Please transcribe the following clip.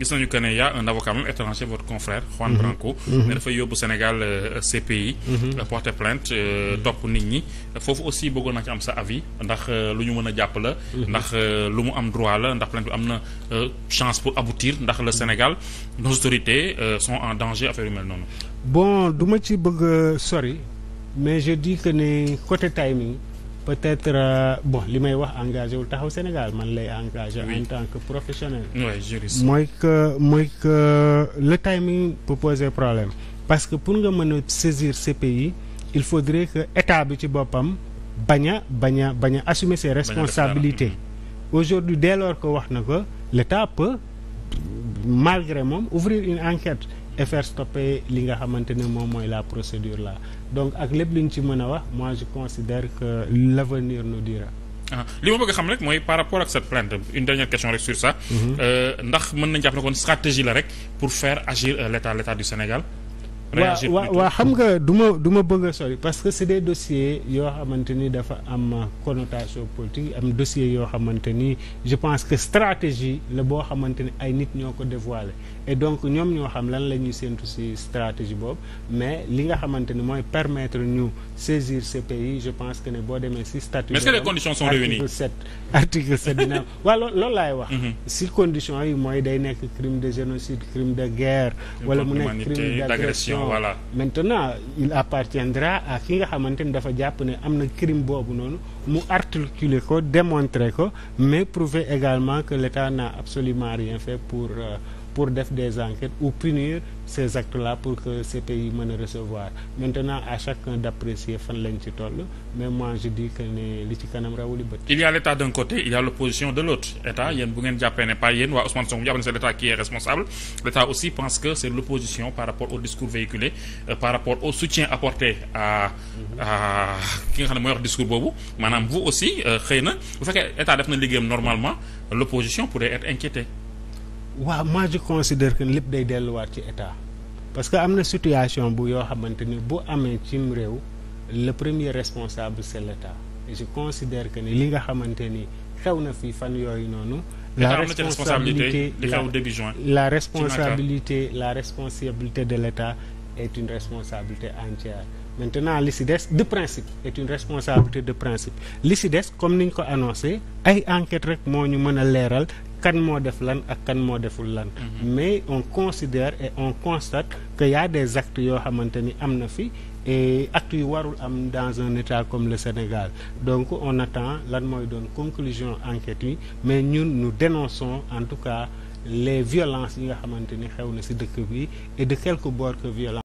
gis nañu que ne a un avocat même étranger votre confrère. Juan mhm. Branco. ne mhm. dafay yóbbu Sénégal euh, CPI. Mhm. Euh, porter plainte euh, topp nit ñi foofu aussi bëggoon naa ci am sa avis ndax lu ñu mën a jàpp la. ndax lu mu am droit la ndax plainte bi am na chance pour aboutir ndax le Sénégal nos autorités sont en danger affaire yu mel noonu. bon du ma ci bëgg sori mais je dis que ne côté timing. peut-être euh, bon li may wax engagé wul taxaw Sénégal man lay engagé en tant que professionnel mooy que mooy que le timing peut poser problème parce que pour nga mën a saisir ces pays il faut faudrait que état bi ci boppam bañ a bañ a bañ a assumer ses responsabilités mm-hmm. aujourd'hui dès lors ko wax na ko l'état peut malgré moom ouvrir une enquête et faire stopper li nga xamante ne moom mooy la procédure la donc ak lépp lu ñu ci mën a wax moi je considère que l'avenir nous dira. ah li ma bëgg xam rek mooy par rapport ak cette plainte une dernière question rek sur ça. Mhm. Euh, ndax mën nañu jàpp ne kon stratégie la rek pour faire agir euh, l'état l'état du Sénégal. waa waa xam nga du ma du ma bëgg a parce que c'est des dossiers yoo xamante ni dafa am connotation politique am dossier yoo xamante ni je pense que stratégie la boo xamante ni ay nit ñoo ko dévoilé et donc ñoom ñoo xam lan la ñuy séntu ci stratégie boobu mais li nga xamante ni mooy permettre ñu saisir ces pays je pense que ne boo demee ci statut. mais est-ce que les conditions sont réunies article sept article sept dina laay wax. ci mhm. conditions yi mooy day nekk crime de génocide crime de guerre. wala mu nekk voilà maintenant il appartiendra à ki nga xamante ni dafa jàpp ne am na crime boobu noonu mu articuler ko démontrer ko mais prouver également que l'État n'a absolument rien fait pour euh, pour def des enquêtes ou punir ces actes-là pour que ces pays mën a recevoir maintenant à chacun d'apprécier fan lañ ci toll mais moi je dis que ne li ci kanam rawuli bët. il y l'état d'un côté il y a l'opposition de l'autre état yéen bu ngeen jàppee ne pas yéen waa Ousmane Sonko jàpp ne c'est l'état qui est responsable l'état aussi pense que c'est l'opposition par rapport au discours véhiculé euh, par rapport au soutien apporté à à ki nga xam ne mooy boobu maanaam vous aussi euh, xëy na bu fekkee état def na liggéeyam normalement l'opposition pourrait être inquiétée. waaw moi je considère que lépp day delluwaat ci état parce que am na situation bu yoo xamante ni bu amee cim réew le premier responsable c'est l'état et je considère que ni li nga xamante ni xew na fi fan yooyu noonu la responsabilité la, la responsabilité la responsabilité de l'état est une responsabilité entière maintenant li si des de principe est une responsabilité de principe li si des comme ni niñ ko annoncé ay enquête rek moo ñu mën a leeral kan moo def lan ak kan moo deful lan mhm. mais on considère et on constate que y des actes yoo xamante ni am na fi et actes yu warul am dans un état comme le Sénégal donc on attend lan mooy doon conclusion enquête yi mais ñun nous dénonçons en tout cas les violences yi nga xamante ni xew na ci dëkk bi et de quelque bord que violence